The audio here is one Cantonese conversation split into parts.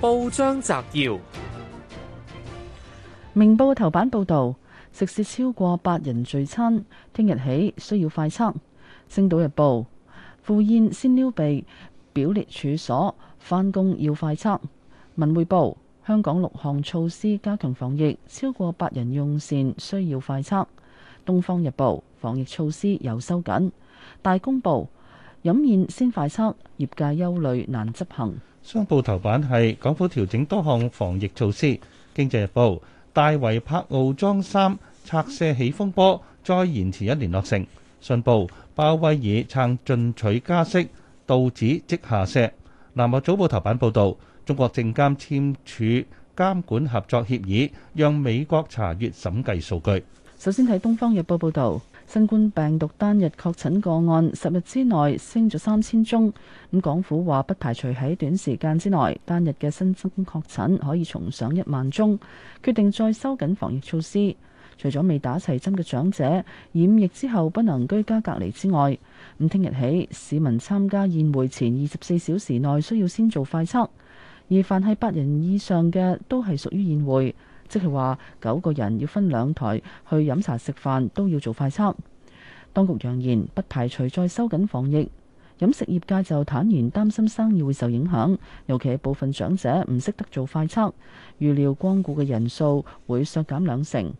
報章摘要：明報頭版報道，食肆超過八人聚餐，聽日起需要快測。星島日報，赴宴先撩鼻，表列處所，返工要快測。文匯報，香港六項措施加強防疫，超過八人用膳需要快測。東方日報，防疫措施又收緊。大公報。飲宴先快測，業界憂慮難執行。商報頭版係港府調整多項防疫措施。經濟日報大圍柏傲莊三拆卸起風波，再延遲一年落成。信報鮑威爾撐進取加息，道指即下瀉。南華早報頭版報導，中國證監簽署監管合作協議，讓美國查閲審計數據。首先睇《東方日報》報導。新冠病毒單日確診個案十日之內升咗三千宗，咁港府話不排除喺短時間之內單日嘅新增確診可以重上一萬宗，決定再收緊防疫措施。除咗未打齊針嘅長者，染疫之後不能居家隔離之外，咁聽日起市民參加宴會前二十四小時內需要先做快測，而凡係八人以上嘅都係屬於宴會。即係話，九個人要分兩枱去飲茶食飯，都要做快測。當局揚言不排除再收緊防疫，飲食業界就坦言擔心生意會受影響，尤其係部分長者唔識得做快測，預料光顧嘅人數會削減兩成。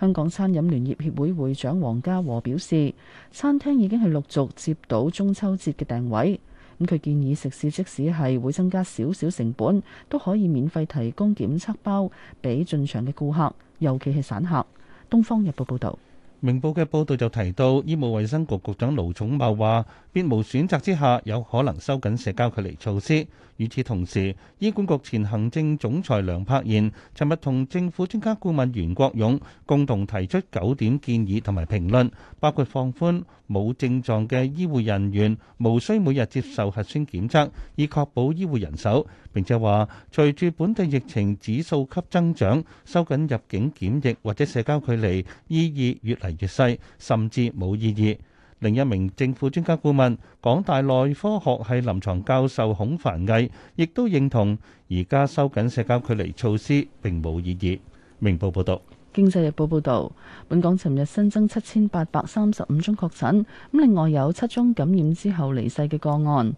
香港餐飲聯業協會會長黃家和表示，餐廳已經係陸續接到中秋節嘅訂位。咁佢建議食肆即使係會增加少少成本，都可以免費提供檢測包畀進場嘅顧客，尤其係散客。《東方日報》報導。明報嘅報道就提到，醫務衛生局局長盧寵茂話，別無選擇之下，有可能收緊社交距離措施。與此同時，醫管局前行政總裁梁柏賢尋日同政府專家顧問袁國勇共同提出九點建議同埋評論，包括放寬冇症狀嘅醫護人員無需每日接受核酸檢測，以確保醫護人手。並且話隨住本地疫情指數級增長，收緊入境檢疫或者社交距離意義越嚟越細甚至冇意義。另一名政府專家顧問、港大內科學系臨床教授孔凡毅，亦都認同，而家收緊社交距離措施並冇意義。明報報導，《經濟日報》報導，本港尋日新增七千八百三十五宗確診，咁另外有七宗感染之後離世嘅個案，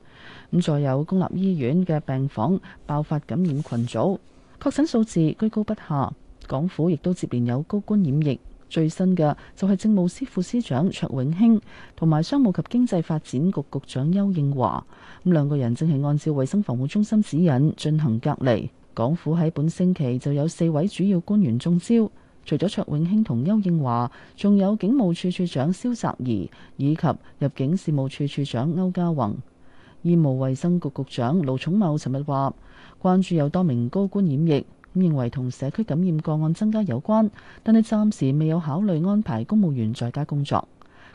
咁再有公立醫院嘅病房爆發感染羣組，確診數字居高不下，港府亦都接連有高官染疫。最新嘅就係政務司副司長卓永興同埋商務及經濟發展局局長邱應華，咁兩個人正係按照衛生防護中心指引進行隔離，港府喺本星期就有四位主要官員中招，除咗卓永興同邱應華，仲有警務處處長蕭澤怡以及入境事務處處長歐家宏，醫務衛生局局長盧寵茂尋日話關注有多名高官染疫。認為同社區感染個案增加有關，但係暫時未有考慮安排公務員在家工作。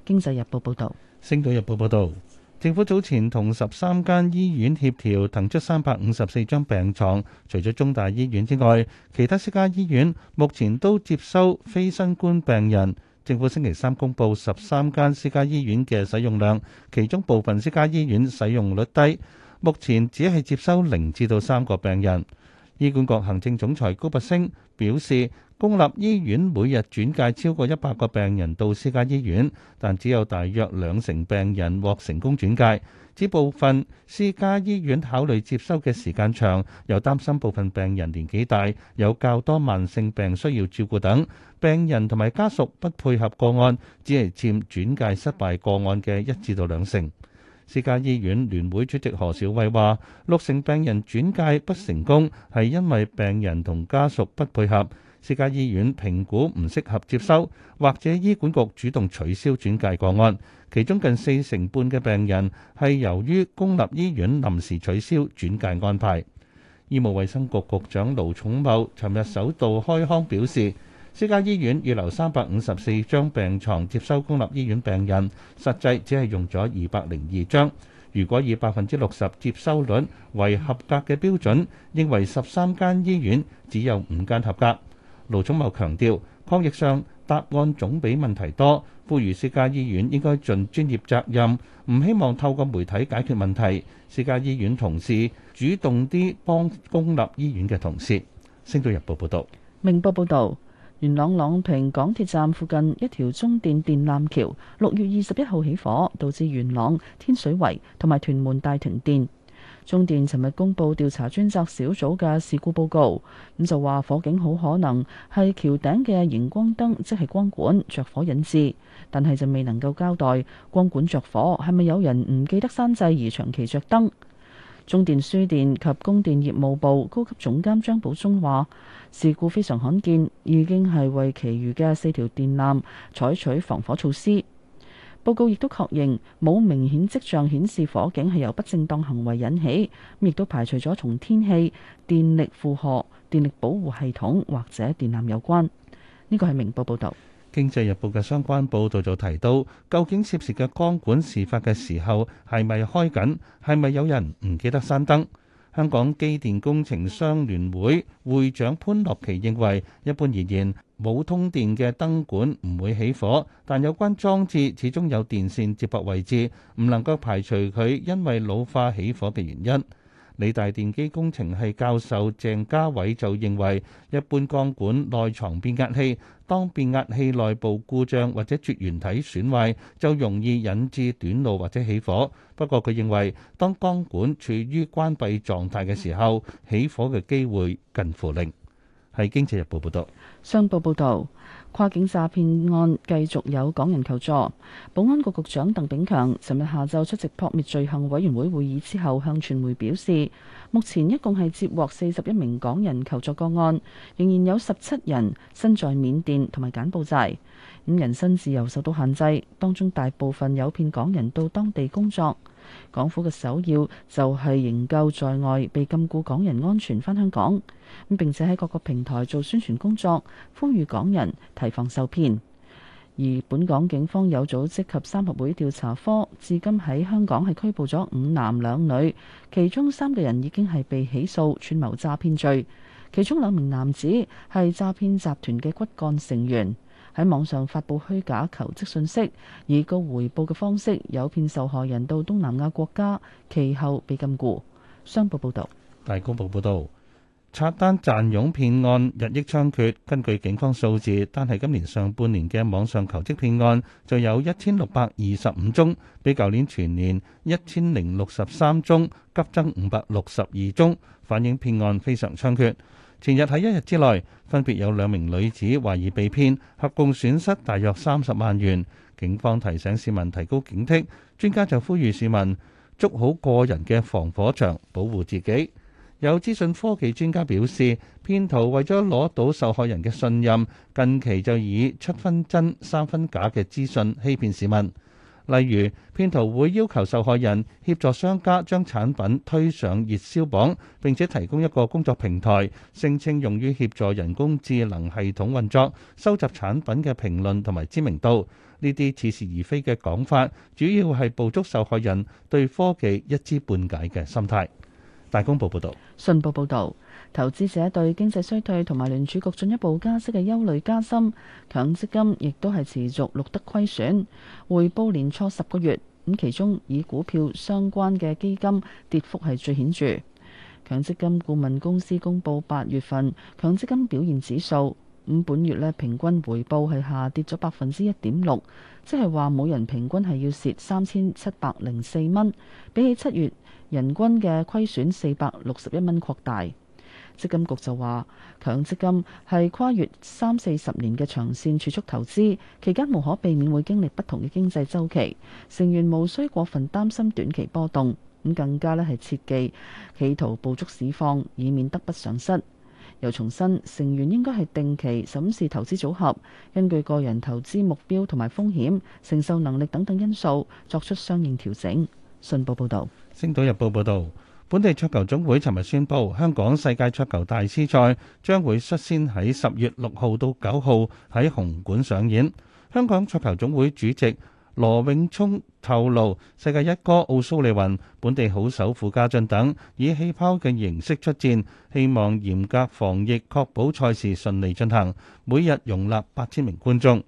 經濟日報報導，星島日報報導，政府早前同十三間醫院協調騰出三百五十四張病床，除咗中大醫院之外，其他私家醫院目前都接收非新冠病人。政府星期三公布十三間私家醫院嘅使用量，其中部分私家醫院使用率低，目前只係接收零至到三個病人。醫管局行政總裁高拔升表示，公立醫院每日轉介超過一百個病人到私家醫院，但只有大約兩成病人獲成功轉介。指部分私家醫院考慮接收嘅時間長，又擔心部分病人年紀大，有較多慢性病需要照顧等，病人同埋家屬不配合個案，只係佔轉介失敗個案嘅一至到兩成。私家醫院聯會主席何小慧話，六成病人轉介不成功，係因為病人同家屬不配合，私家醫院評估唔適合接收，或者醫管局主動取消轉介個案。其中近四成半嘅病人係由於公立醫院臨時取消轉介安排。醫務衛生局局長盧寵茂尋日首度開腔表示。私家醫院預留三百五十四張病床接收公立醫院病人，實際只係用咗二百零二張。如果以百分之六十接收率為合格嘅標準，認為十三間醫院只有五間合格。盧寵茂強調，抗疫上答案總比問題多，呼籲私家醫院應該盡專業責任，唔希望透過媒體解決問題。私家醫院同事主動啲幫公立醫院嘅同事。星島日報報道。明報報道。元朗朗屏港鐵站附近一條中電電纜橋，六月二十一號起火，導致元朗天水圍同埋屯門大停電。中電尋日公佈調查專責小組嘅事故報告，咁就話火警好可能係橋頂嘅熒光燈，即係光管着火引致，但係就未能夠交代光管着火係咪有人唔記得閂掣而長期着燈。中電輸電及供電業務部高級總監張寶松話，事故非常罕見，已經係為其餘嘅四條電纜採取防火措施。報告亦都確認冇明顯迹象顯示火警係由不正當行為引起，亦都排除咗同天氣、電力負荷、電力保護系統或者電纜有關。呢個係明報報道。《經濟日報》嘅相關報導就提到，究竟涉事嘅鋼管事發嘅時候係咪開緊，係咪有人唔記得閂燈？香港機電工程商聯會會長潘樂琪認為，一般而言冇通電嘅燈管唔會起火，但有關裝置始終有電線接駁位置，唔能夠排除佢因為老化起火嘅原因。理大電機工程系教授鄭家偉就認為，一般鋼管內藏變壓器。當變壓器內部故障或者絕緣體損壞，就容易引致短路或者起火。不過，佢認為當鋼管處於關閉狀態嘅時候，起火嘅機會近乎零。喺《經濟日報》報導，商報報導跨境詐騙案繼續有港人求助。保安局局長鄧炳強尋日下晝出席撲滅罪行委員會會議之後，向傳媒表示，目前一共係接獲四十一名港人求助個案，仍然有十七人身在緬甸同埋柬埔寨，五人身自由受到限制，當中大部分有騙港人到當地工作。港府嘅首要就係營救在外被禁錮港人安全返香港，咁並且喺各個平台做宣傳工作，呼籲港人提防受騙。而本港警方有組織及三合會調查科，至今喺香港係拘捕咗五男兩女，其中三個人已經係被起訴串謀詐騙罪，其中兩名男子係詐騙集團嘅骨幹成員。喺網上發布虛假求職信息，以高回報嘅方式誘騙受害人到東南亞國家，其後被禁錮。商報報導，大公報報道，刷單賺傭騙案日益猖獗。根據警方數字，單係今年上半年嘅網上求職騙案就有一千六百二十五宗，比舊年全年一千零六十三宗急增五百六十二宗，反映騙案非常猖獗。前日喺一日之內，分別有兩名女子懷疑被騙，合共損失大約三十萬元。警方提醒市民提高警惕，專家就呼籲市民捉好個人嘅防火牆，保護自己。有資訊科技專家表示，騙徒為咗攞到受害人嘅信任，近期就以七分真三分假嘅資訊欺騙市民。例如，騙徒會要求受害人協助商家將產品推上熱銷榜，並且提供一個工作平台，聲稱用於協助人工智能系統運作、收集產品嘅評論同埋知名度。呢啲似是而非嘅講法，主要係捕捉受害人對科技一知半解嘅心態。大公報報道。信報報道。投資者對經濟衰退同埋聯儲局進一步加息嘅憂慮加深，強積金亦都係持續錄得虧損，回報年初十個月咁，其中以股票相關嘅基金跌幅係最顯著。強積金顧問公司公佈八月份強積金表現指數咁，本月呢平均回報係下跌咗百分之一點六，即係話每人平均係要蝕三千七百零四蚊，比起七月人均嘅虧損四百六十一蚊擴大。積金局就話，強積金係跨越三四十年嘅長線儲蓄投資，期間無可避免會經歷不同嘅經濟週期，成員無需過分擔心短期波動，咁更加咧係切忌，企圖捕捉市況，以免得不償失。又重申，成員應該係定期審視投資組合，根據個人投資目標同埋風險承受能力等等因素，作出相應調整。信報報導，《星島日報》報導。本地桌球總會尋日宣布，香港世界桌球大師賽將會率先喺十月六號到九號喺紅館上演。香港桌球總會主席羅永聰透露，世界一哥奧蘇利雲、本地好手傅家俊等以氣泡嘅形式出戰，希望嚴格防疫，確保賽事順利進行，每日容納八千名觀眾。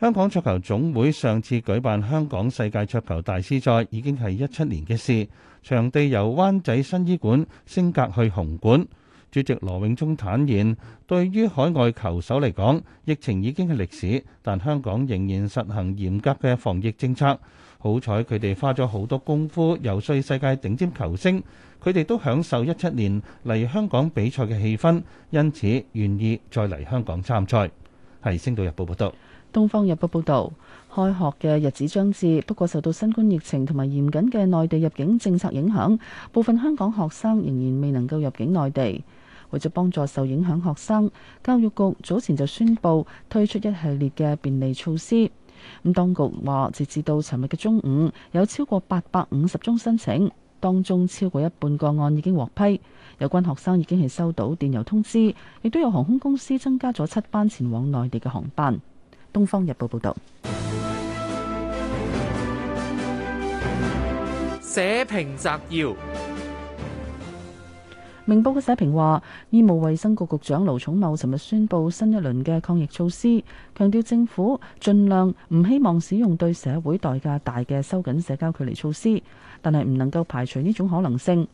香港桌球總會上次舉辦香港世界桌球大師賽已經係一七年嘅事。場地由灣仔新醫館升格去紅館。主席羅永忠坦言，對於海外球手嚟講，疫情已經係歷史，但香港仍然實行嚴格嘅防疫政策。好彩佢哋花咗好多功夫，游說世界頂尖球星，佢哋都享受一七年嚟香港比賽嘅氣氛，因此願意再嚟香港參賽。係星島日報報道。《東方日報》報導，開學嘅日子將至，不過受到新冠疫情同埋嚴謹嘅內地入境政策影響，部分香港學生仍然未能夠入境內地。為咗幫助受影響學生，教育局早前就宣布推出一系列嘅便利措施。咁，當局話，截至到尋日嘅中午，有超過八百五十宗申請，當中超過一半個案已經獲批。有關學生已經係收到電郵通知，亦都有航空公司增加咗七班前往內地嘅航班。東方日報報道，社評摘要：明報嘅社評話，醫務衛生局局長盧寵茂尋日宣布新一輪嘅抗疫措施，強調政府盡量唔希望使用對社會代價大嘅收緊社交距離措施，但係唔能夠排除呢種可能性。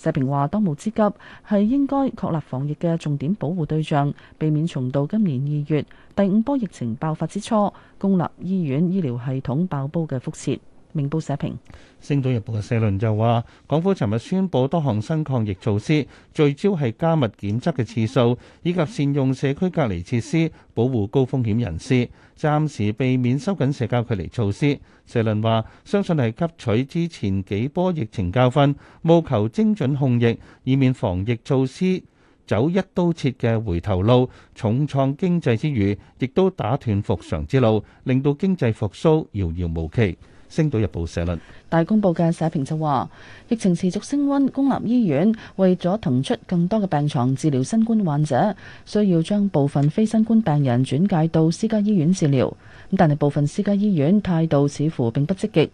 社評話：當務之急係應該確立防疫嘅重點保護對象，避免重蹈今年二月第五波疫情爆發之初公立醫院醫療系統爆煲嘅覆轍。.明報社評，《星島日報》嘅社論就話，港府尋日宣佈多項新抗疫措施，聚焦係加密檢測嘅次數，以及善用社區隔離設施保護高風險人士，暫時避免收緊社交距離措施。社論話，相信係吸取之前幾波疫情教訓，務求精準控疫，以免防疫措施走一刀切嘅回頭路，重創經濟之餘，亦都打斷復常之路，令到經濟復甦遙遙無期。星島日報》社論，大公報嘅社評就話，疫情持續升溫，公立醫院為咗騰出更多嘅病床治療新冠患者，需要將部分非新冠病人轉介到私家醫院治療。咁但係部分私家醫院態度似乎並不積極。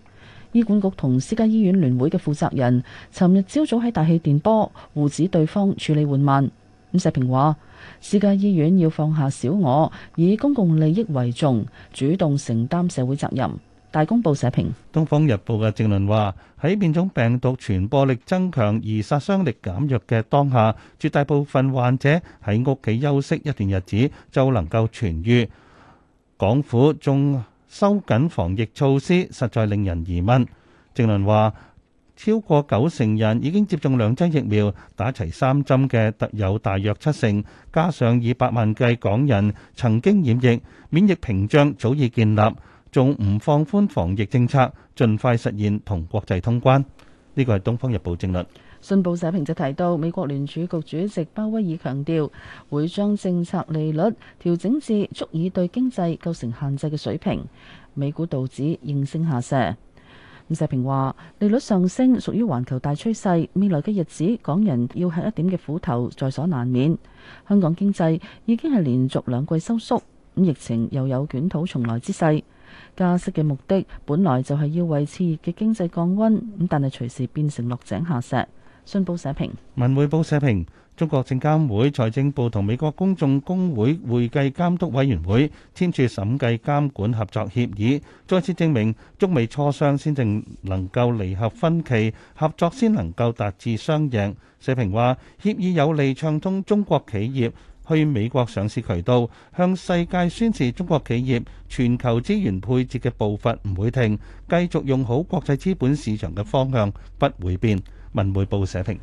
醫管局同私家醫院聯會嘅負責人尋日朝早喺大氣電波，互指對方處理緩慢。咁社評話，私家醫院要放下小我，以公共利益為重，主動承擔社會責任。大公報社評。東方日報嘅政論話，喺變種病毒傳播力增強而殺傷力減弱嘅當下，絕大部分患者喺屋企休息一段日子就能夠痊癒。港府仲收緊防疫措施，實在令人疑問。政論話，超過九成人已經接種兩劑疫苗，打齊三針嘅得有大約七成，加上以百萬計港人曾經染疫，免疫屏障早已建立。仲唔放寬防疫政策，盡快實現同國際通關？呢個係《東方日報》政論。信報社評就提到，美國聯儲局主席鮑威爾強調會將政策利率調整至足以對經濟構成限制嘅水平。美股道指應聲下瀉。咁，社評話利率上升屬於環球大趨勢，未來嘅日子港人要吃一點嘅苦頭，在所難免。香港經濟已經係連續兩季收縮，咁疫情又有捲土重來之勢。加息嘅目的本來就係要為熾熱嘅經濟降溫，咁但係隨時變成落井下石。信報社評，文匯報社評，中國證監會、財政部同美國公眾工會會計監督委員會簽署審計監管合作協議，再次證明中美磋商先至能夠離合分歧，合作先至能夠達至雙贏。社評話，協議有利暢通中國企業，去美國上市渠道，向世界宣示中國企業全球資源配置嘅步伐唔會停，繼續用好國際資本市場嘅方向，不會變。文匯報社評。